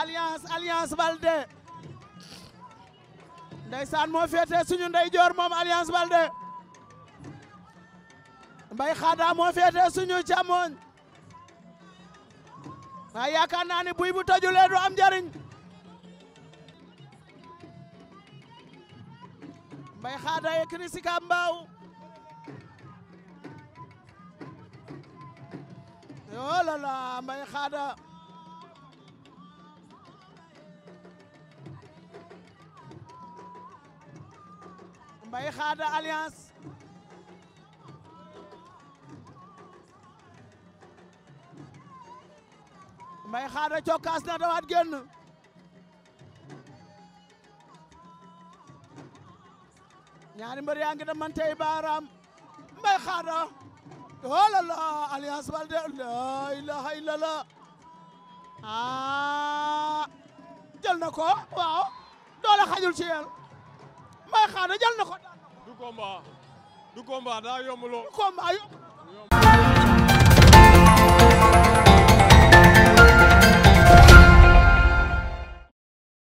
alliance alliance Baldé ndeysaan moo féete suñu ndeyjoor moom alliance Baldé mbay xaada moo féete suñu càmmoñ waaye yaakaar naa ni buy bu tojulee du am njariñ mbay xaada yekini si yoo la oh la xaada Mbaye Xaada Alliance Mbaye Xaada cokkaas na dawaat génn ñaari mbër yaa ngi demantey baaraam Mbaye Xaada oh la la Alliance Baldé la ilaha illallah ah jël na ko waaw doole xajul ci yéen Mbaye Xaada jël na ko du combat du